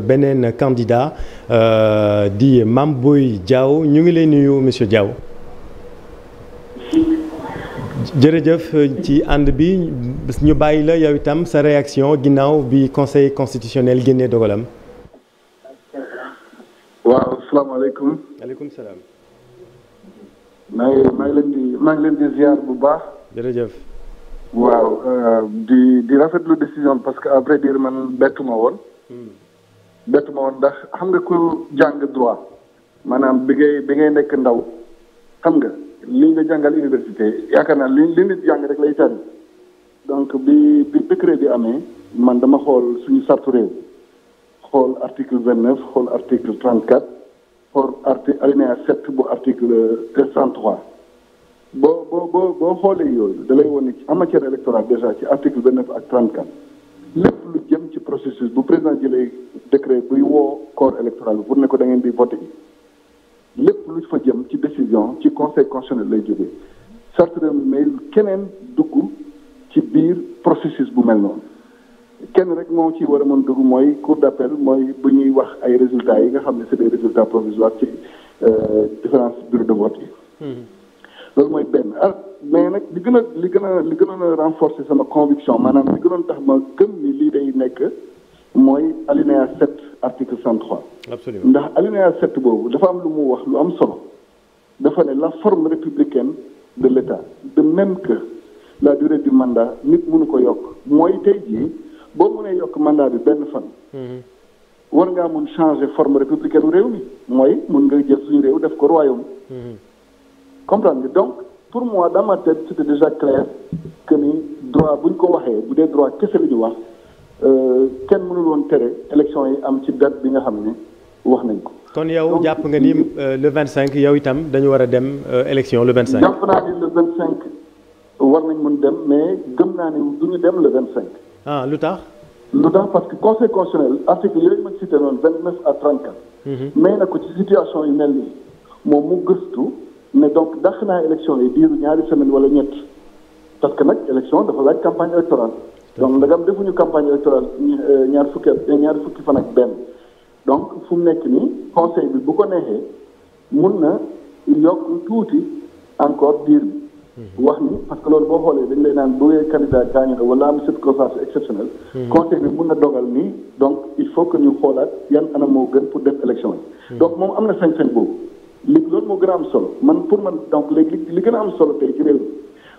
beneen candidat euh, di Mame Boye jaw ñu ngi lay nuyu monsieur Diao. jërëjëf ci ànd bi ñu bàyyi la yow itam sa réaction ginnaaw bi conseil constitutionnel génne dogalam. waaw asalaamaaleykum. maaleykum salaam. maa ngi leen di maa leen di ziar bu baax. jërëjëf. waaw euh, di di rafetlu décision parce que à vrai dire man bettu ma woon. Hmm. bettu ma woon ndax xam nga ku jàng droit maanaam bi ngay bi ngay nekk ndaw xam nga li nga jàngal université yaakaar naa li li nit jàng rek lay tari donc bi bi décret bi amee man dama xool suñu sartu xool article vingt neuf xool article trente quatre xool arti alinéa sept bu article cent boo boo boo boo xoolee yooyu da lay woon ni en matière électorale déjà ci article vingt neuf ak trente quatre lépp lu processus bu président jëlee décret buy woo corps électoral bi pour ne ko da ngeen di voté yi lépp lu fa jëm ci décision ci conseil constitutionnel lay jógee charte réew mi keneen dugg ci biir processus bu mel noonu kenn rek moo ci war a mën dugg mooy cour d'appel mooy bu ñuy wax ay résultats yi nga xam ne c'est des résultats provisoires ci euh, différence bureau de vote yi hmm. loolu mooy benn ah mais nag li gën a li gën a li gënoon a renforcer sama conviction maanaam li gënoon tax ma gëm ni lii day nekk mooy alinéa 7 article 103. absolument ndax alinéa 7 boobu dafa am lu mu wax lu am solo dafa ne la forme républicaine de l' état de même que la durée du mandat nit mënu ko yokk mooy tey jii boo mënee yokk mandat bi benn fan. Mhm. war ngaa mun changer forme républicaine réew mi mooy mun nga jël suñu réew def ko royaume. Mhm. comprendre nga donc pour moi dans ma tête c'était déjà clair que ni droit bu ñu ko waxee bu dee droit kese lu ñu wax euh, kenn mënul woon tere élection yi am ci date bi nga xam ne wax nañ ko. kon yow jàpp nga nii euh, le vingt cinq yow itam dañu war a dem euh, élection le 25. jàpp naa ni le cinq war nañ mun dem mais gëm naa ni du ñu dem le 25. ah lu tax. lu tax parce que conseil constitutionnel article yooyu ma cité noonu 29 à 34. Mhm. may na ko ci situation yu mel nii moom mu gëstu. mais donc dax naa élection yi diiru ñaari semaine wala ñett parce que nag élection dafa laaj campagne électorale donc ndagam defuñu campagne électorale euh, ñaar fukki euh, ñaar fukki fan ak benn donc fu mu nekk nii conseil bi bu ko neexee mun na yokk tuuti encore diir bi hmm. wax ni parce que loolu boo xoolee dañ lay naan bu ngeen candidat gaañu na wala am circonstance exceptionnelle hmm. conseil bi mun na dogal nii donc il faut que ñu xoolaat yan anam moo gën pour def élection hmm. donc moom am na boobu loolu moo gën a am solo man pour man donc léegi li gën a am solo tey ci réew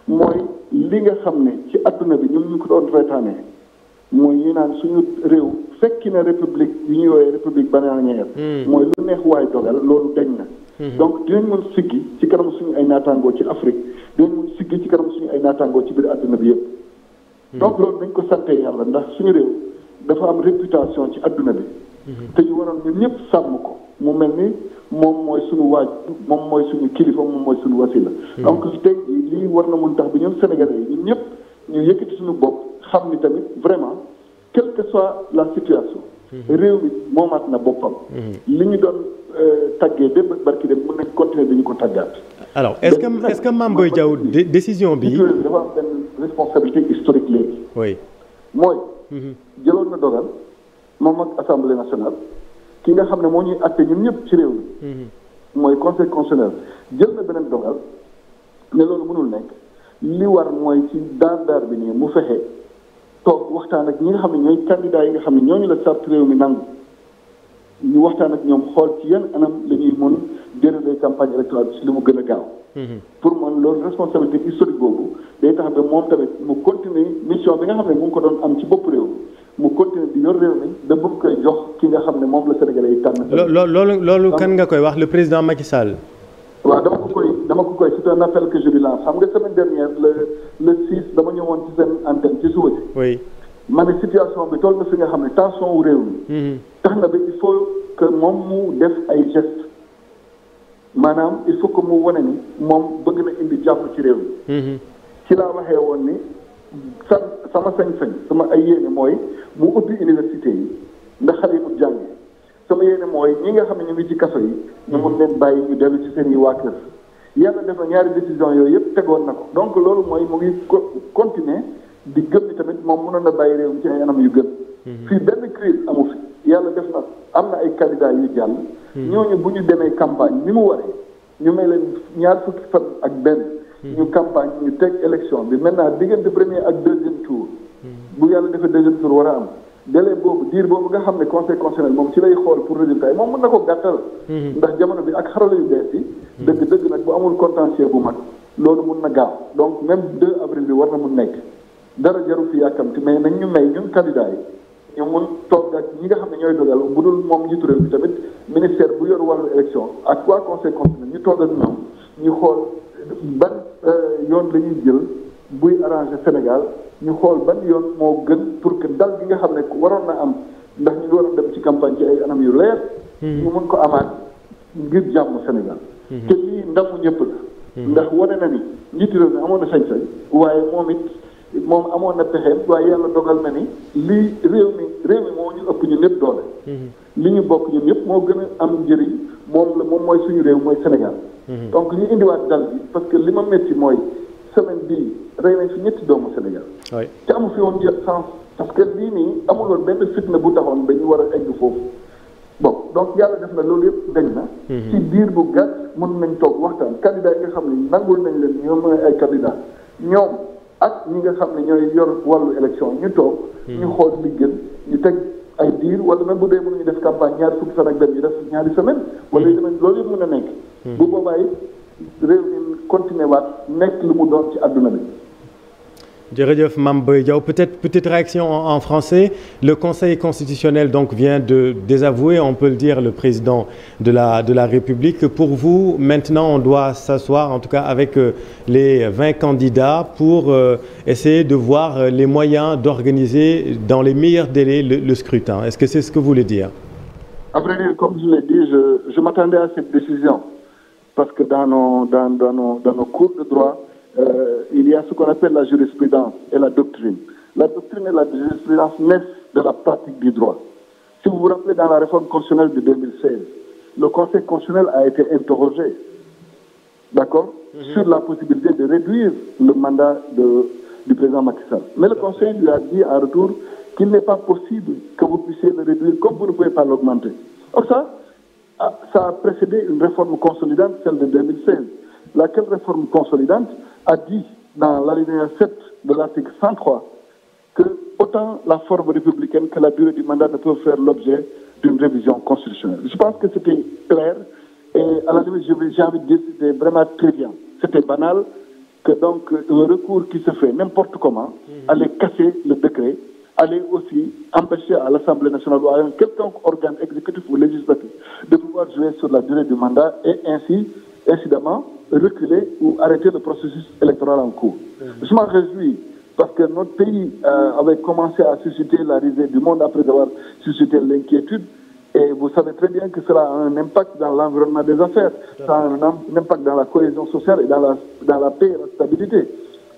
mi mooy li nga xam ne ci adduna bi ñun ñu ko doon reetaanee mooy ñu naan suñu réew fekki na république yu ñuy woowee république bananière hmm. mooy lu neex waay dogal loolu dañ na hmm. donc dinañ mën siggi ci kanam suñu ay naataangoo ci Afrique dinañ mën siggi ci kanam suñu ay naataangoo ci biir àdduna bi yëpp hmm. donc loolu dañ ko sante yàlla ndax suñu réew dafa am réputation ci adduna bi ko moom mooy suñu waaj moom mooy suñu kilifa moom mooy suñu wasila hmm. donc tey lii war na mun tax bi ñun sénégalais yi ñun ñëpp ñu yëkkati suñu bopp xam ni tamit vraiment quelque soit la situation hmm. réew mi moomaat na boppam hmm. li ñu doon euh, taggee démb barki dem mën nañ continuer bi ñu ko tàggaat alors est-ce que est-ce que Mame Boye Diao décision bi dafa am benn responsabilité historique léegi oui mooy jëloon na dogal moom ak assemblée nationale ki nga xam ne moo ñuy atte ñun ñëpp ci réew mi mhm. mooy conseil constitutionnel jël na beneen dogal ne loolu mënul nekk li war mooy ci daar-daar bi nii mu fexe toog waxtaan ak ñi nga xam ne ñooy candidat yi nga xam ne ñooñu la sart réew mi nangu ñu waxtaan ak ñoom xool ci yan anam la ñuy mën déroulé campagne électorale bi si li mu gën a gaaw mhm. pour man loolu responsabilité historique boobu day tax ba moom tamit mu continuer mission bi nga xam ne mu ko doon am ci bopp réew te bëgg koy jox ki nga xam ne moom la Sénégalais yi tànn. loo loolu loolu kan nga koy wax le président Macky Sall. waaw dama ko koy dama ko koy c'est na appel que je xam nga semaine dernière le le 6 dama ñëwoon ci seen antenne ci suba ji. oui ma ne situation bi tool na fi nga xam ne tension wu réew mi. Mm-hmm. tax na bi il faut que moom mu def ay gestes maanaam il faut que mu wone ni moom bëgg na indi jàmm ci réew mi. Mm-hmm. ci laa waxee woon ni. sa sama sañ sama ay mu ubbi université yi ndax xale yi du jàng sama yéene mooy ñi nga xam ne ñu ngi ci kaso yi ñu mun leen bàyyi ñu dellu ci seen yi waa kër yàlla def na ñaari décision yooyu yëpp tegoon na ko donc loolu mooy mu ngi continuer di gën ni tamit moom mënoon na bàyyi réew mi ci ay anam yu gën mhm. fii benn crise amu fi yàlla def na am na ay candidats yu jàll mhm. ñooñu bu ñu demee campagne ni mu waree ñu may leen ñaar fukki fan ak benn mhm. ñu campagne ñu teg élection bi maintenant diggante premier ak deuxième bu yàlla defee deuxième tour war a am délai boobu diir boobu nga xam ne conseil constitutionnel moom ci lay xool pour résultat yi moom mën na ko gàttal. Mhm. ndax jamono bi ak xarala yu bees yi. Mhm. dëgg dëgg nag bu amul contentieux bu mag loolu mun na gaaw donc même 2 avril bi war na mun nekk dara jaru fi yàkkamti mais nañ ñu may ñun candidat yi. ñu mun toog ak ñi nga xam ne ñooy dogal bu dul moom njiitu réew bi tamit ministère bu yor wàllu élection ak waa conseil constitutionnel ñu toog ak ñoom ñu xool ban euh, yoon la ñuy jël buy arranger Sénégal. ñu xool ban yoon moo gën pour que dal bi nga xam ne waroon na am ndax ñu ngi waroon dem ci campagne ci ay anam yu leer. Hmm. ñu mën ko amaat ngir jàmm Sénégal. Hmm. te lii ndamu ñëpp la. Hmm. ndax wane na ni njiitu réew mi amoon na sañ-sañ waaye moom it moom amoon na pexeem waaye yàlla dogal na ni lii réew mi réew mi moo ñu ëpp ñu ñëpp doole. li ñu bokk ñun ñëpp moo gën a am njëriñ moom la moom mooy suñu réew mooy Sénégal. donc ñu indiwaat dal bi parce que li ma métti mooy. semaine bii rey nañ fi ñetti doomu Sénégal. oui te amu fi woon jël sens parce que lii nii amul woon benn fitna bu taxoon ba ñu war a egg foofu bon donc yàlla def na loolu yëpp dañ na. Mhm. ci diir bu gàtt mën nañ toog waxtaan candidat yi nga xam ne nangul nañ leen ñoom mooy ay candidat ñoom ak ñi nga xam ne ñooy yor wàllu élection ñu toog. Mhm. ñu xool li gën ñu teg ay diir wala même bu dee mënuñu def campagne ñaari fukki fan ak benn ñu def ñaari semaine mhm. wala yu demee loolu yëpp mën continuer waat jërëjëf Mame Boye Diao peut-être petite réaction en, en français le Conseil constitutionnel donc vient de désavouer on peut le dire le président de la de la République pour vous maintenant on doit s'asseoir en tout cas avec euh, les vingt candidats pour euh, essayer de voir euh, les moyens d'organiser dans les meilleurs délais le, le scrutin est-ce que c'est ce que vous voulez dire comme je l'ai dit je m'attendais à cette décision parce que dans nos, dans, dans cours de droit, euh, il y a ce qu'on appelle la jurisprudence et la doctrine. La doctrine et la jurisprudence naissent de la pratique du droit. Si vous vous rappelez, dans la réforme constitutionnelle de 2016, le Conseil constitutionnel a été interrogé, d'accord, mhm. sur la possibilité de réduire le mandat du président Macky Mais le Conseil lui a dit en retour qu'il n'est pas possible que vous puissiez le réduire comme vous ne pouvez pas l'augmenter. Ah, ça a précédé une réforme consolidante, celle de 2016, laquelle réforme consolidante a dit dans l'alinéa de l'article 103 que autant la forme républicaine que la durée du mandat ne peuvent faire l'objet d'une révision constitutionnelle. Je pense que c'était clair et à la limite, j'ai envie de dire c'était vraiment très bien. C'était banal que donc euh, le recours qui se fait n'importe comment mhm. allait casser le décret allait aussi empêcher à l'Assemblée nationale ou à un quelconque organe exécutif ou législatif de pouvoir jouer sur la durée du mandat et ainsi, incidemment, reculer ou arrêter le processus électoral en cours. Mmh. Je m'en réjouis parce que notre pays euh, avait commencé à susciter la risée du monde après avoir suscité l'inquiétude. Et vous savez très bien que cela un impact dans l'environnement des affaires, ça dans la cohésion sociale et dans la, paix et la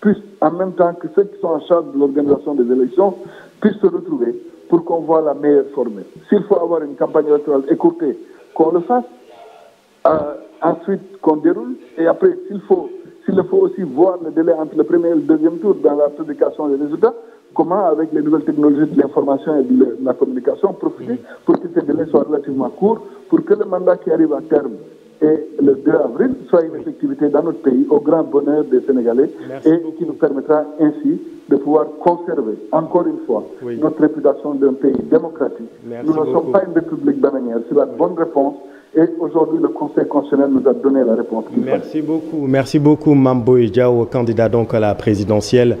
puissent, en même temps que ceux qui sont en charge de l'organisation des élections, puissent se retrouver pour qu'on voit la meilleure formule. S'il faut avoir une campagne électorale écourtée, qu'on le fasse, euh, ensuite qu'on déroule, et après, s'il faut, aussi voir le délai entre le premier et le deuxième tour dans la publication des résultats, comment, avec les nouvelles technologies de l'information et de la communication, profiter pour que ces délais soient et le 2 avril soit une effectivité dans notre pays au grand bonheur des Sénégalais et qui nous permettra ainsi de pouvoir conserver encore une fois notre réputation d'un pays démocratique. nous ne sommes pas une république bananière, c'est aujourd'hui, le Conseil constitutionnel nous a donné la réponse. Merci beaucoup. Merci beaucoup, Mamboy Diao, candidat donc à la présidentielle.